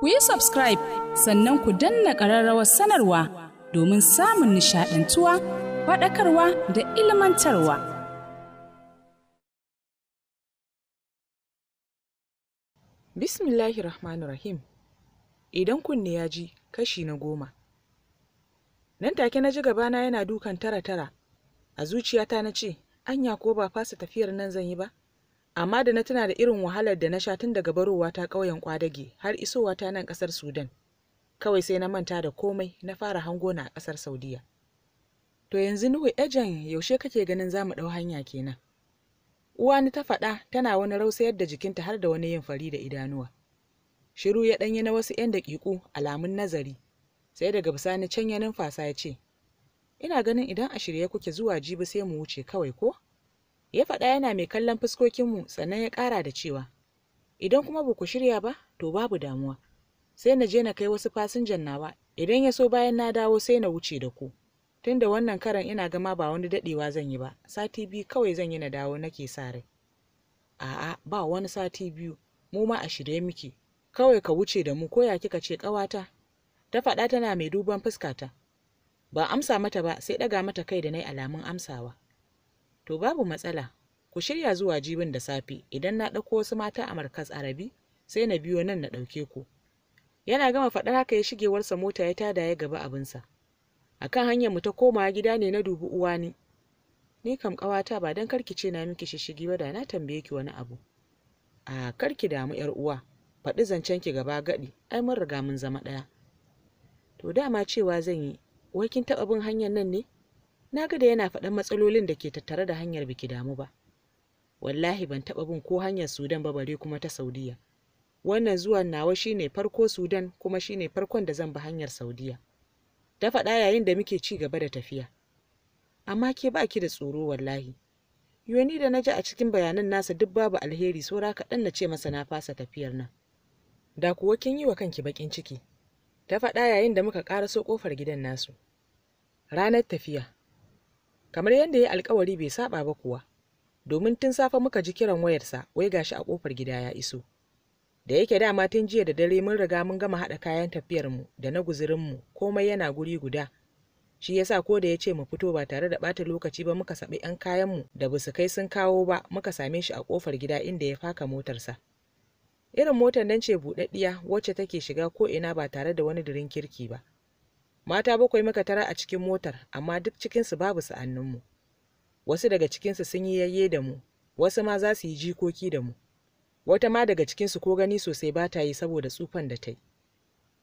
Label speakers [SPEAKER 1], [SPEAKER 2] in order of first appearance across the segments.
[SPEAKER 1] ku yi subscribe sannan ku danna ƙararrawar sanarwa domin samun nishaɗantuwa faɗakarwa da ilmantarwa. Bismillahir Rahmanir Rahim Idan kunne ya ji kashi na goma. Nan take na ji gabana yana dukan tara-tara, a zuciyata na ce, anya ko ba fasa tafiyar nan zan yi ba? amma da na tuna da irin wahalar da na sha tun daga barowa ta ƙauyen kwadage har isowa ta nan ƙasar sudan kawai sai na manta da komai na fara hango na a ƙasar saudiya to yanzu nuhu ejen eh, yaushe kake ganin za mu ɗau hanya kenan uwa uwani ta faɗa tana wani rausayar da jikinta har da wani yin fari da idanuwa shiru ya ɗanyi na wasu 'yan daƙiƙu alamun nazari sai daga bisani can ya numfasa ya ce ina ganin idan a shirye kuke zuwa jibi sai mu wuce kawai ko ya faɗa yana mai kallon fuskokinmu sannan ya ƙara da cewa idan kuma ba shirya ba to babu damuwa sai na je na kai wasu fasinjan nawa idan ya so bayan na dawo sai na wuce da ku tunda wannan karan ina gama ba wani daɗewa zan yi ba sati biyu kawai zan yi na dawo nake sa rai a'a ba wani sati biyu mu ma a shirye muke kawai ka wuce da mu koya kika ce ƙawata ta faɗa tana mai duban fuskata ba amsa mata ba sai ɗaga mata kai da na yi alamun amsawa To babu matsala, ku shirya zuwa jibin da safe idan na ɗauko wasu mata a markas arabi sai na biyo nan na ɗauke ku. Yana gama faɗar haka ya shigewarsa mota ya tada ya gaba abinsa. A kan hanyar mu ta komawa gida ne na dubi uwa Ni kam ƙawata ba don karki ce na miki shishigi ba da na tambaye ki wani abu. A karki damu ‘yar uwa, faɗi zancen ki gaba gaɗi, ai mun riga mun zama ɗaya. To dama cewa zan yi, wai kin taɓa bin hanyar nan ne? na ga da yana faɗan matsalolin da ke tattare da hanyar biki damu ba wallahi ban taɓa bin ko hanyar sudan ba bare kuma ta saudiya wannan zuwan nawa shine farko sudan kuma shine farkon da zan bi hanyar saudiya ta faɗa yayin da muke ci gaba da tafiya amma ke ba ki da tsoro wallahi yoni da na ji a cikin bayanan nasa duk babu alheri saura kaɗan na ce masa na fasa tafiyar nan da kuwa kin yi wa kanki baƙin ciki ta faɗa yayin da muka ƙaraso ƙofar gidan nasu ranar tafiya kamar yadda ya alkawari bai saba ba kuwa domin tun safe muka ji kiran wayarsa wai gashi a kofar gida ya iso da yake dama tun jiya da dare mun riga mun gama haɗa kayan tafiyarmu da na guzurinmu komai yana guri guda shi yasa ko da ya ce mu fito ba tare da ɓata lokaci ba muka saɓi 'yan kayanmu da basu kai sun kawo ba muka same shi a ƙofar gida inda ya faka motarsa irin motar nan ce buɗaɗɗiya wacce take shiga ko ina ba tare da wani dirin kirki ba mata bakwai muka tara a cikin motar amma duk cikinsu babu sa'anninmu wasu daga cikinsu sun yi yayye da mu wasu ma za su yi jikoki da mu wata ma daga cikinsu ko gani sosai ba ta yi saboda tsufan da ta yi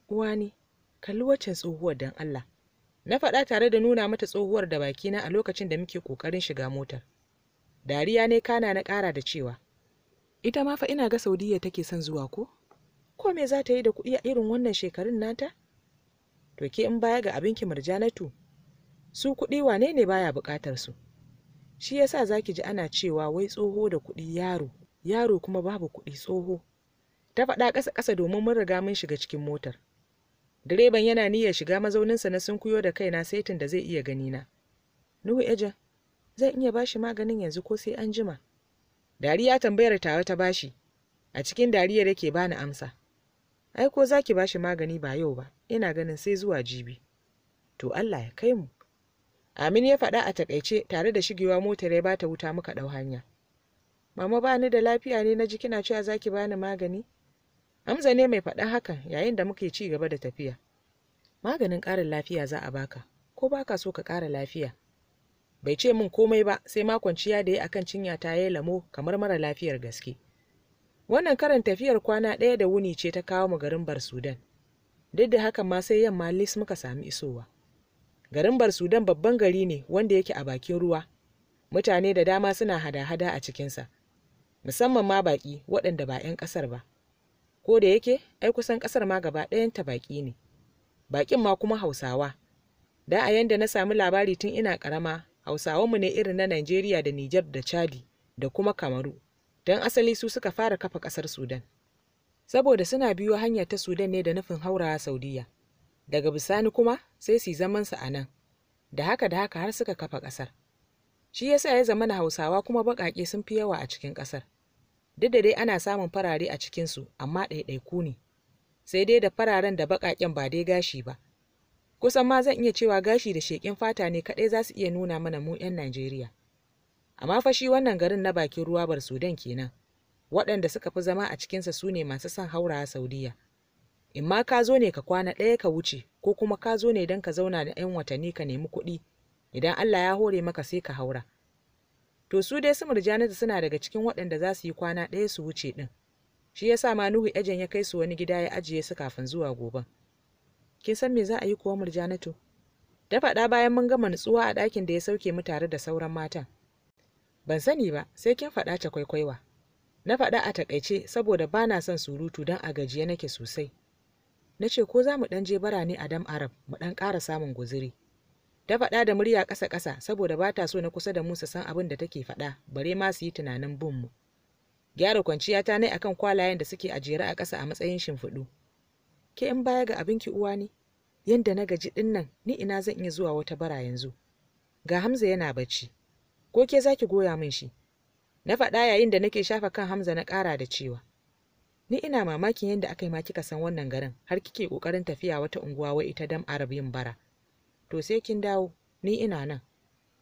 [SPEAKER 1] uwa ne kalli waccan tsohuwar don allah na faɗa tare da nuna mata tsohuwar da bakina a lokacin da muke ƙoƙarin shiga motar dariya ne kana na ƙara da cewa ita ma fa ina ga saudiya take son zuwa ko ko me za ta yi da kuɗi a irin wannan shekarun nata to ke in baya ga abinki murjanatu su kuɗi wane ne baya buƙatar su shi yasa zaki ji ana cewa wai tsoho da kuɗi yaro yaro kuma babu kuɗi tsoho ta faɗa ƙasa ƙasa domin mun riga mun shiga cikin motar direban yana niyyar shiga mazauninsa na sunkuyo da kaina saitin da zai iya ganina nuhu ejen zan iya bashi maganin yanzu ko sai an jima dariya tambayar tawa ta bashi a cikin dariyar yake bani amsa ai ko zaki bashi magani ba yau ba ina ganin sai zuwa jibi to allah ya kai mu amin ya faɗa a takaice tare da shigewa motar ya bata wuta muka ɗau hanya mama ba ni da lafiya ne na ji kina cewa zaki bani magani Amza ne mai faɗa hakan yayin da muke ci gaba da tafiya maganin ƙarin lafiya za a baka ko baka so ka ƙara lafiya bai ce min komai ba sai ma kwanciya da ya akan cinya ta yi lamo kamar mara lafiyar gaske wannan karan tafiyar kwana ɗaya da wuni ce ta kawo mu garin bar sudan duk da haka ma sai yamma lis muka sami isowa garin bar sudan babban gari ne wanda yake a bakin ruwa mutane da dama suna hada-hada a cikinsa musamman ma baƙi waɗanda ba 'yan ƙasar ba ko da yake ai kusan ƙasar ma gaba ɗayanta baƙi ne baƙin ma kuma hausawa da a yanda na sami labari tun ina ƙarama hausawanmu ne irin na najeriya da niger da chadi da kuma kamaru don asali su suka fara kafa ƙasar sudan saboda suna biyo hanya ta Sudan ne da nufin haurawa Saudiya. Daga bisani kuma sai su zaman su a nan. Da haka da haka har suka kafa ƙasar. Shi yasa ya zama na Hausawa kuma baƙaƙe sun fi yawa a cikin ƙasar. Duk da dai ana samun farare a cikinsu amma ɗaiɗaiku ne. Sai dai da fararen da baƙaƙen ba dai gashi ba. Kusan ma zan iya cewa gashi da sheƙin fata ne kaɗai za su iya nuna mana mu 'yan Najeriya. Amma fashi wannan garin na bakin ruwa bar Sudan kenan. waɗanda suka fi zama a cikinsa su ne masu son haura a saudiya in ma ka zo ne ka kwana ɗaya ka wuce ko kuma ka zo ne don ka zauna da 'yan watanni ka nemi kuɗi idan allah ya hore maka sai ka haura to su dai su murjanata suna daga cikin waɗanda za su yi kwana ɗaya su wuce ɗin shi ya sa ma nuhu ya kai su wani gida ya ajiye su kafin zuwa goben kin san me za a yi kuwa murjanatu da faɗa bayan mun gama nutsuwa a ɗakin da ya sauke mu tare da sauran matan ban sani ba sai kin faɗa ta kwaikwaiwa na faɗa a takaice saboda ba na son surutu don a gajiye nake sosai na ce ko za mu ɗan je bara ne a dam arab mu ɗan ƙara samun guziri ta faɗa da murya ƙasa ƙasa saboda ba ta so na kusa da mu san abin da take faɗa bare ma su yi tunanin bin mu gyara kwanciya ta ne akan kwalayen da suke a a ƙasa a matsayin shimfiɗu ke in baya ga abin ki uwa ne Yadda na gaji ɗin nan ni ina zan iya zuwa wata bara yanzu ga hamza yana bacci ko ke zaki goya min shi na faɗa yayin da nake shafa kan Hamza na ƙara da cewa ni ina mamakin yadda aka yi ma kika san wannan garin har kike ƙoƙarin tafiya wata unguwa wai ita dam Arab yin bara to sai kin dawo ni ina nan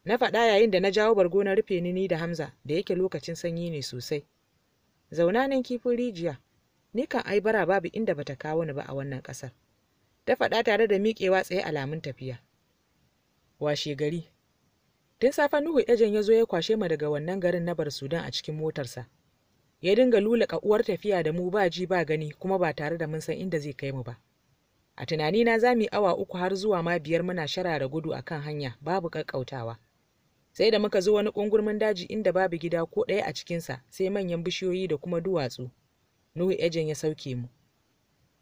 [SPEAKER 1] na faɗa yayin da na jawo bargo na rufe ni ni da Hamza da yake lokacin sanyi ne sosai zauna nan kifin rijiya ni kan ai bara babu inda bata kawo ni ba a wannan ƙasar ta faɗa tare da miƙewa tsaye alamun tafiya washe gari tun safe nuhu ejen ya zo ya kwashe mu daga wannan garin na bar sudan a cikin motarsa ya dinga lula ƙa'uwar tafiya da mu ba ji ba gani kuma ba tare da mun san inda zai kai mu ba a tunanina za mu awa uku har zuwa ma biyar muna shara da gudu a kan hanya babu ƙaƙƙautawa sai da muka zo wani ƙungurmin daji inda babu gida ko ɗaya a cikinsa sai manyan bishiyoyi da kuma duwatsu nuhu ejen ya sauke mu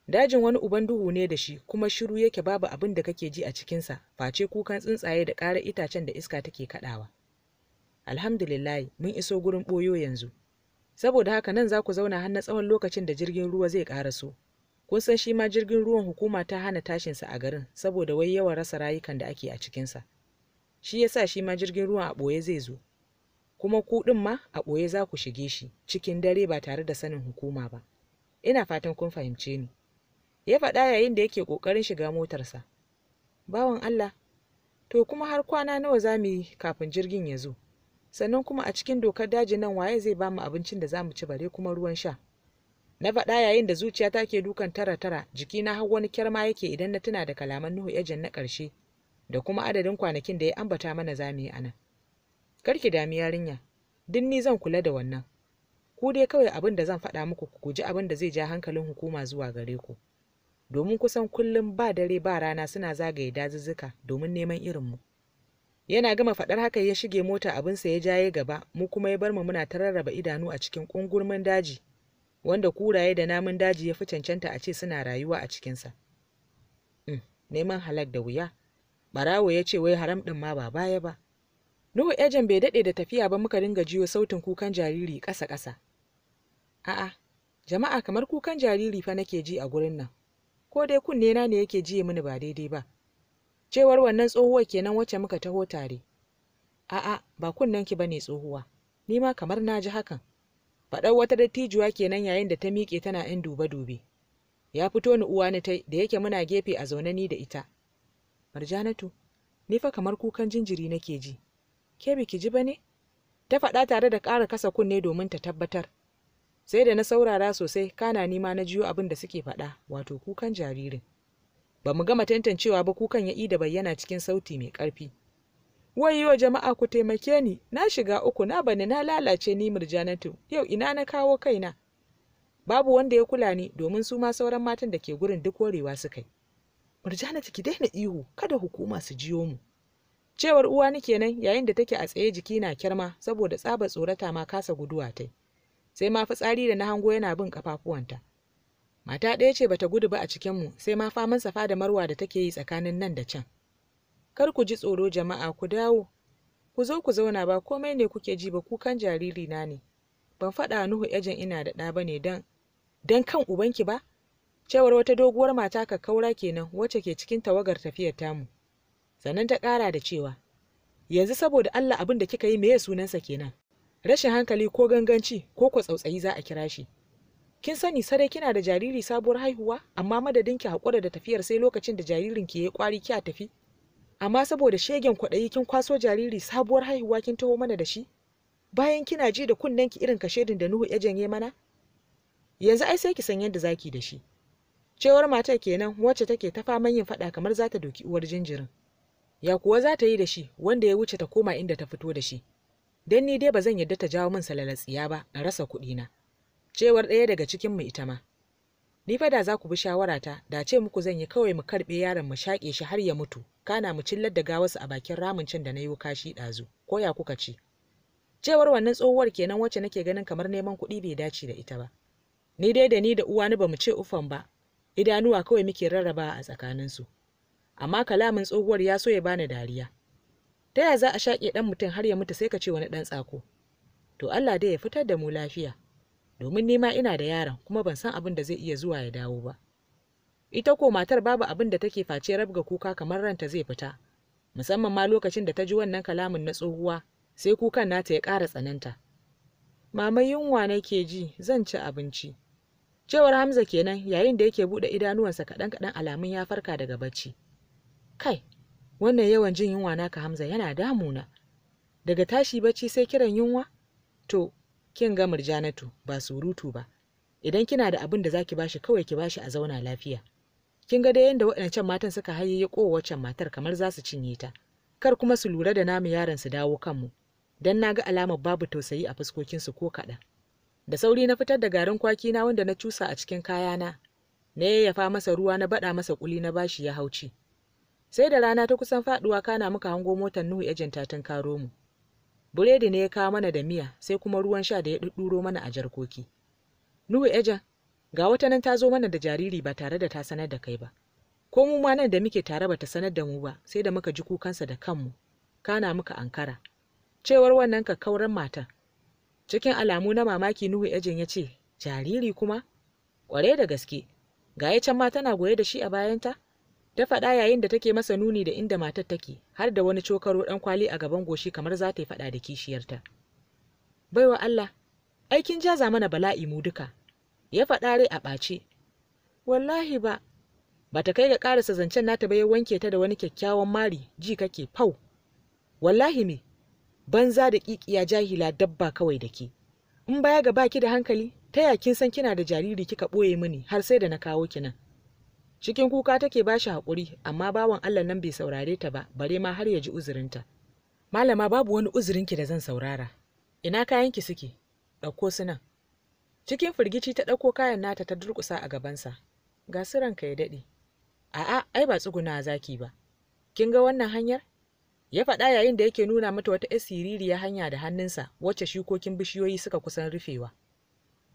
[SPEAKER 1] Dajin wani uban duhu ne da shi kuma shiru yake babu abin da kake ji a cikinsa face kukan tsuntsaye da ƙara itacen da iska take kaɗawa. Alhamdulillahi mun iso gurin ɓoyo yanzu. Saboda haka nan za ku zauna har na tsawon lokacin da jirgin ruwa zai ƙaraso. Kun san shi ma jirgin ruwan hukuma ta hana tashinsa a garin saboda wai yawan rasa rayukan da ake a cikinsa. Shi ya sa shi ma jirgin ruwan a ɓoye zai zo. Kuma ku ɗin ma a ɓoye za ku shige shi cikin dare ba tare da sanin hukuma ba. Ina fatan kun fahimce ni. ya faɗa yayin da yake ƙoƙarin shiga motarsa bawan allah to kuma har kwana nawa za mu yi kafin jirgin ya zo sannan kuma a cikin dokar daji nan waye zai ba mu abincin da za mu ci bare kuma ruwan sha na faɗa yayin da zuciyata ke dukan tara tara jiki na har wani kyarma yake idan na tuna da kalaman nuhu ejen na ƙarshe da kuma adadin kwanakin da ya ambata mana za mu yi anan karki dami yarinya duk ni zan kula da wannan ku dai kawai abin da zan faɗa muku ku guji abin da zai ja hankalin hukuma zuwa gare ku domin kusan kullum ba dare ba rana suna zagaye dazuzzuka domin neman irinmu yana gama faɗar haka ya shige mota abinsa ya jaye gaba mu kuma ya bar mu muna ta rarraba idanu a cikin ƙungurmin daji wanda kuraye da namun daji ya fi cancanta a ce suna rayuwa a cikinsa mm, neman halak da wuya barawo ya ce wai haram ɗin ma ba baya ba nuhu ejen bai daɗe da tafiya ba muka dinga jiyo sautin kukan jariri ƙasa-ƙasa a'a jama'a kamar kukan jariri fa nake ji a gurin nan ko dai kunne na ne yake jiye mini ba daidai ba cewar wannan tsohuwar kenan wacce muka taho tare a'a ba kunnen ki bane tsohuwa ni ma kamar na ji hakan faɗar wata dattijuwa kenan yayin da ta miƙe tana yan dube dube ya fito ni uwa ni tai da yake muna gefe a zaune ni da ita marjanatu ni fa kamar kukan jinjiri nake ji ke biki ji bane ta faɗa tare da ƙara kasa kunne domin ta tabbatar sai da na saurara sosai kana nima na jiyo abin da suke faɗa wato kukan jaririn ba mu gama tantancewa ba kukan ya da bayyana cikin sauti mai ƙarfi wayyo jama'a ku taimake ni na shiga uku na bani na lalace ni murjanatu yau ina na kawo kaina babu wanda ya kula ni domin su ma sauran matan da ke gurin duk warewa su kai murjanatu ki daina ihu kada hukuma su jiyo mu cewar uwa ni kenan yayin da take a tsaye jiki na kirma saboda tsaba tsorata ma kasa guduwa tai sai ma fitsari da na hango yana bin kafafuwanta mata ɗaya ce bata gudu ba a cikinmu sai ma faman safa da marwa da take yi tsakanin nan da can kar ku ji tsoro jama'a ku dawo ku zo ku zauna ba komai ne kuke ji ba kukan jariri na ne ban faɗa nuhu ejen ina da ɗa bane dan dan kan ubanki ba cewar wata doguwar mata kakkaura kenan wacce ke cikin tawagar tafiyar tamu sannan ta ƙara da cewa yanzu saboda allah abin da kika yi meye sunansa kenan rashin hankali ko ganganci ko kwatsautsayi tsautsayi za a kira shi kin sani sarai kina da jariri sabuwar haihuwa amma madadin ki haƙura da tafiyar sai lokacin da jaririn ki yayi kwari kiya tafi amma saboda shegen kwaɗayi kin kwaso jariri sabuwar haihuwa kin taho mana da shi bayan kina ji da kunnen ki irin kashedin da Nuhu ya janye mana yanzu ai sai ki san yadda zaki da shi cewar matar kenan wacce take ta faman yin faɗa kamar za ta doki uwar jinjirin ya kuwa za ta yi da shi wanda ya wuce ta koma inda ta fito da shi don ni dai ba zan yadda ta jawo min salalatsiya ba na rasa kuɗi na. cewar ɗaya daga cikinmu ita ma ni fa da za ku bi shawarata da ce muku zan yi kawai mu karɓe yaron mu shaƙe shi har ya mutu kana mu cillar da gawarsa a bakin ramin can da na yi kashi ɗazu ko ya kuka ci cewar wannan tsohuwar kenan wacce nake ganin kamar neman kuɗi bai dace da ita ba ni dai da ni da uwa uwani ba mu ce ufan ba idanuwa kawai muke rarraba a tsakaninsu amma kalamin tsohuwar ya so ya bani dariya ta ya za a shaƙe ɗan mutum har ya mutu sai ka ce wani ɗan tsako to Allah dai ya fitar da mu lafiya domin nima ina da yaron kuma ban san abin da zai iya zuwa ya dawo ba ita ko matar babu abin da take face rabga kuka kamar ranta zai fita musamman ma lokacin da ta ji wannan kalamin na tsohuwa sai kukan nata ya ƙara tsananta mama yunwa ke ji zan ci abinci cewar hamza kenan yayin da yake buɗe idanuwansa kaɗan kaɗan alamun ya farka daga bacci kai wannan yawan jin yunwa naka hamza yana damuna daga tashi bacci sai kiran yunwa to kin ga murjanatu ba surutu ba idan kina da abin da zaki bashi kawai ki bashi a zauna lafiya kin ga dai yanda waɗancan matan suka kowa kowace matar kamar za su cinye ta kar kuma su lura da namu yaron su dawo kanmu dan na ga alamar babu tausayi a fuskokin su ko kaɗan da sauri na fitar da garin kwaki na wanda na cusa a cikin kayana na yayyafa masa ruwa na baɗa masa kuli na bashi ya hauci sai da rana ta kusan faduwa kana muka hango motar nuhu ejenta tun karo mu buredi ne ya kawo mana da miya sai kuma ruwan sha da ya ɗuɗɗuro mana a jarkoki nuhu ejen, ga wata nan ta zo mana da jariri ba tare da ta sanar da kai ba ko mu ma nan da muke tare ba ta sanar da mu ba sai da muka ji kukansa da kanmu kana muka ankara cewar wannan ka kauran mata cikin alamu na mamaki nuhu ejen ya ce jariri kuma ƙware da gaske ga ya can ma tana goye da shi a bayanta ta faɗa yayin da take masa nuni da inda matar take har da wani cokaro ɗan kwali a gaban goshi kamar za ta yi faɗa da kishiyarta baiwa Allah aikin jaza mana bala'i mu duka ya faɗa rai a ɓace wallahi ba Ba ta kai ga ƙarasa zancen nata ba ya wanke ta da wani kyakkyawan mari ji kake fau wallahi me banza da ƙiƙiya jahila dabba kawai da ke in baya ga baki da hankali ta ya kin san kina da jariri kika ɓoye mini har sai da na kawo ki nan cikin kuka take ba shi haƙuri amma bawan allah nan bai saurare ta ba bare ma har ya ji uzurinta malama babu wani uzurinki da zan saurara ina kayanki suke ɗauko su nan cikin firgici ta ɗauko kayan nata ta durƙusa a gabansa ga su ranka ya daɗe a'a ai ba tsuguna zaki ba kin ga wannan hanyar ya faɗa yayin da yake nuna mata wata siririya hanya da hannunsa wacce shukokin bishiyoyi suka kusan rufewa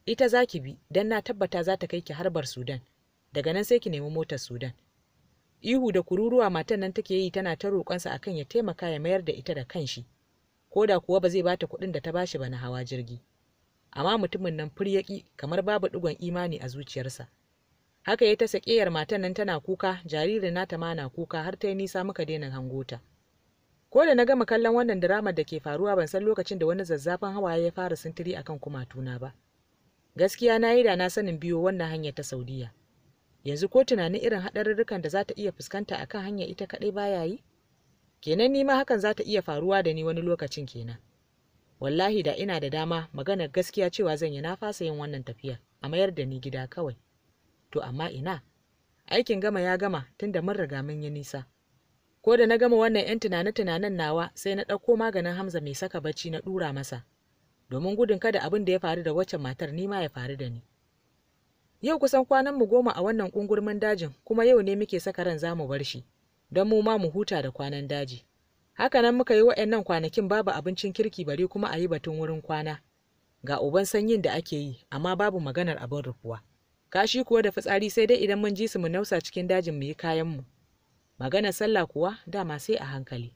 [SPEAKER 1] ita zaki bi don na tabbata za ta kai ki harbar sudan daga nan sai ki nemi motar sudan ihu da kururuwa matan nan take yi tana ta roƙonsa akan ya taimaka ya mayar da ita da kanshi ko da kuwa ba zai bata kuɗin da ta bashi ba na hawa jirgi amma mutumin nan furyaki kamar babu ɗigon imani a zuciyarsa haka ya ta sakeyar matan nan tana kuka jaririn nata ma na kuka har ta yi nisa muka daina hangota ko da na gama kallon wannan diramar da ke faruwa ban san lokacin da wani zazzafan hawa ya fara sintiri akan kumatuna ba gaskiya na yi da na sanin biyo wannan hanyar ta saudiya yanzu ko tunanin irin haɗarurrukan da za ta iya fuskanta a kan hanya ita kaɗai baya yi kenan nima hakan za ta iya faruwa da ni wani lokacin kenan wallahi da ina da dama maganar gaskiya cewa zan yi na fasa yin wannan tafiya a mayar da ni gida kawai to amma ina aikin gama ya gama tunda mun riga mun yi nisa ko da na gama wannan 'yan tunane-tunanen nawa sai na ɗauko maganin hamza mai saka bacci na ɗura masa domin gudun kada abin da ya faru da waccan matar nima ya faru da ni. yau kusan kwanan mu goma a wannan kungurmin dajin kuma yau ne muke saka ran za mu bar shi don mu ma mu huta da kwanan daji haka nan muka yi wa'annan kwanakin babu abincin kirki bari kuma a yi batun wurin kwana ga uban sanyin da ake yi amma babu maganar abin rufuwa kashi kuwa da fitsari sai dai idan mun ji su mu nausa cikin dajin mu yi kayan mu maganar sallah kuwa dama sai a hankali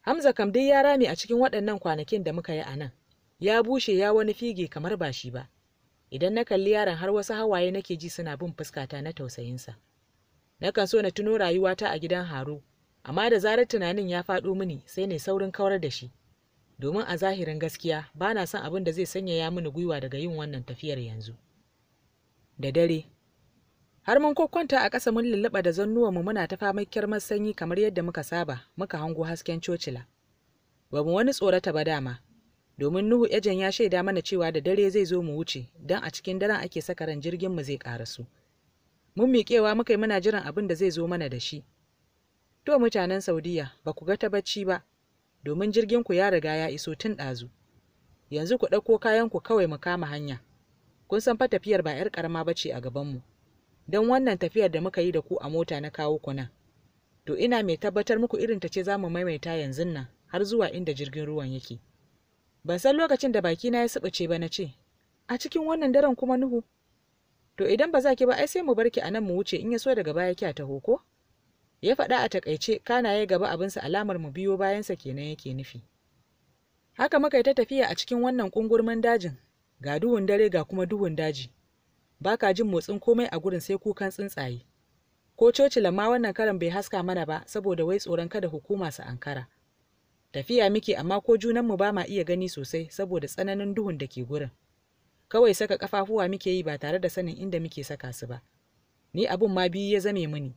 [SPEAKER 1] hamza kam dai ya rame a cikin waɗannan kwanakin da muka yi a nan ya bushe ya wani fige kamar ba shi ba idan na kalli yaron har wasu hawaye nake ji suna bin fuskata na tausayinsa nakan so na tuno rayuwata a gidan haro amma da zarar tunanin ya faɗo mini sai ne saurin kawar da shi domin a zahirin gaskiya ba na son abin da zai sanyaya mini gwiwa daga yin wannan tafiyar yanzu da dare har mun kwakwanta a ƙasa mun lulluɓa da zannuwanmu muna ta famar kyarmar sanyi kamar yadda muka saba muka hango hasken cocila ba mu wani tsorata ba dama domin Nuhu ejen ya shaida mana cewa da dare zai zo mu wuce don a cikin daren ake saka ran jirgin mu zai karasu. Mun miƙewa muka yi muna jiran abin da zai zo mana da shi. To mutanen Saudiya ba ku ga ta ba domin jirgin ku ya riga ya iso tun ɗazu. Yanzu ku ɗauko kayan ku kawai mu kama hanya. Kun san fa tafiyar ba 'yar ƙarama ba ce a mu Don wannan tafiyar da muka yi da ku a mota na kawo ku nan. To ina mai tabbatar muku irin ta ce za mu maimaita yanzun nan har zuwa inda jirgin ruwan yake. ban san lokacin da bakina ya subuce ba na ce a cikin wannan daren kuma nuhu to idan ba za ki ba ai sai mu barki ki a mu wuce in ya so daga baya kya taho ko ya faɗa a takaice kana ya gaba abinsa alamar mu biyo bayansa kenan yake nufi haka muka yi ta tafiya a cikin wannan kungurmin dajin ga duhun dare ga kuma duhun daji ba ka jin motsin komai a gurin sai kukan tsuntsaye ko coci lamma wannan karan bai haska mana ba saboda wai tsoron kada hukuma su ankara tafiya muke amma ko junanmu ba ma iya gani sosai saboda tsananin duhun da ke gurin kawai saka kafafuwa muke yi ba tare da sanin inda muke saka su ba ni abun ma biyu ya zame mini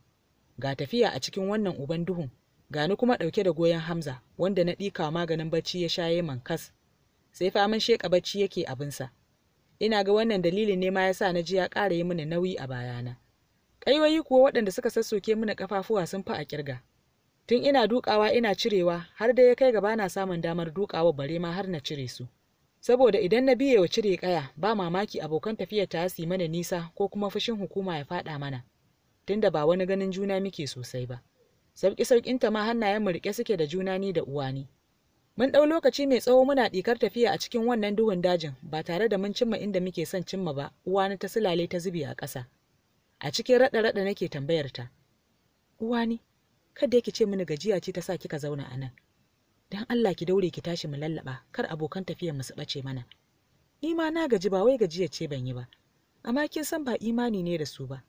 [SPEAKER 1] ga tafiya a cikin wannan uban duhun gani kuma ɗauke da goyon hamza wanda na ɗika maganin bacci ya shaye kas sai faman sheƙa bacci yake abinsa ina ga wannan dalilin ne ma ya sa na ji ya ƙara yi mini nauyi a bayana ƙaiwayi kuwa waɗanda suka sassoke mini ƙafafuwa sun fi a ƙirga tun ina dukawa ina cirewa har da ya kai gaba na samun damar dukawa bare ma har na cire su saboda idan na biye wa cire kaya ba mamaki abokan tafiya ta yi mana nisa ko kuma fushin hukuma ya faɗa mana tunda ba wani ganin juna muke sosai ba sauki saukin ta ma hannayen mu rike suke da juna ni da uwa ni. mun ɗau lokaci mai tsawo muna ɗikar tafiya a cikin wannan duhun dajin ba tare da mun cimma inda muke son cimma ba uwa na ta sulale ta zubi a ƙasa a cikin raɗa-raɗa nake tambayar ta ni. kada ki ce mini gajiya ce ta sa kika zauna a nan dan Allah ki daure ki tashi mu lallaba kar abokan tafiyar mu su bace mana ni na gaji ba wai gajiya ce ban yi ba amma kin san ba imani ne da su ba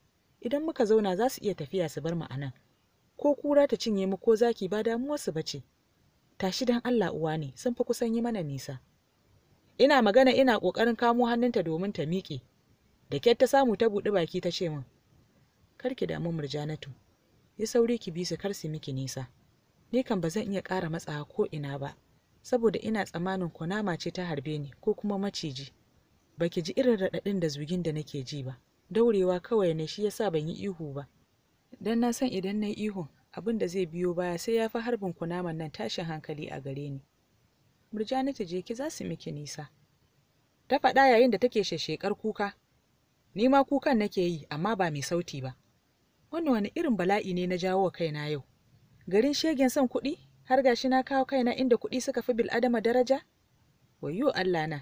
[SPEAKER 1] idan muka zauna za su iya tafiya su bar mu a nan ko kura ta cinye mu ko zaki ba damuwar su bace tashi dan Allah uwa ne sun fi kusan yi mana nisa ina magana ina kokarin kamo hannunta domin ta miƙe da kyar ta samu ta buɗe baki ta ce min kar ki damu murjanatu Ya sauri ki bi su kar su miki nisa ni kan ba zan iya ƙara matsawa ko ina ba saboda ina tsamanin kunama ce ta harbe ni ko kuma maciji baki ji irin raɗaɗin da zugin da nake ji ba daurewa kawai ne shi yasa ban yi ihu ba dan na san idan na yi ihun abin da zai biyo baya sai ya fi harbin kunaman nan tashin hankali a gare ni murjani ta je ki za su miki nisa ta faɗa yayin da take shashekar kuka ni ma kukan nake yi amma ba mai sauti ba wannan wani irin bala'i ne na jawo wa kaina yau garin shegen son kuɗi har gashi na kawo kaina inda kuɗi suka fi bil adama daraja wayo allah na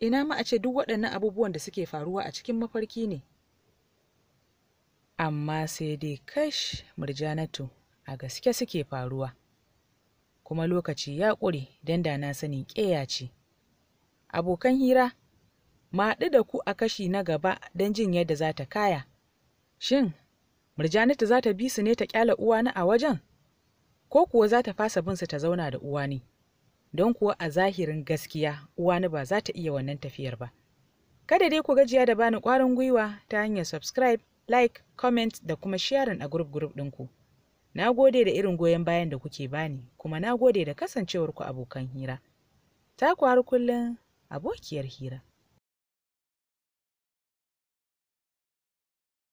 [SPEAKER 1] ina ma a ce duk waɗannan abubuwan da suke faruwa a cikin mafarki ne amma sai dai kash murjanatu a gaske suke faruwa kuma lokaci ya ƙure don da na sanin ƙeya ce abokan hira ma da ku a kashi na gaba don jin yadda za ta kaya shin ta za ta bi su ne ta kyala uwani a wajen ko kuwa za ta fasa bin su ta zauna da uwani don kuwa a zahirin gaskiya uwani ba za ta iya wannan tafiyar ba kada dai ku gajiya da bani kwarin gwiwa ta hanyar subscribe like comment da kuma sharing a group group ɗinku na gode da irin goyon bayan da kuke bani kuma na gode da kasancewarku abokan hira ta kwaru kullum abokiyar hira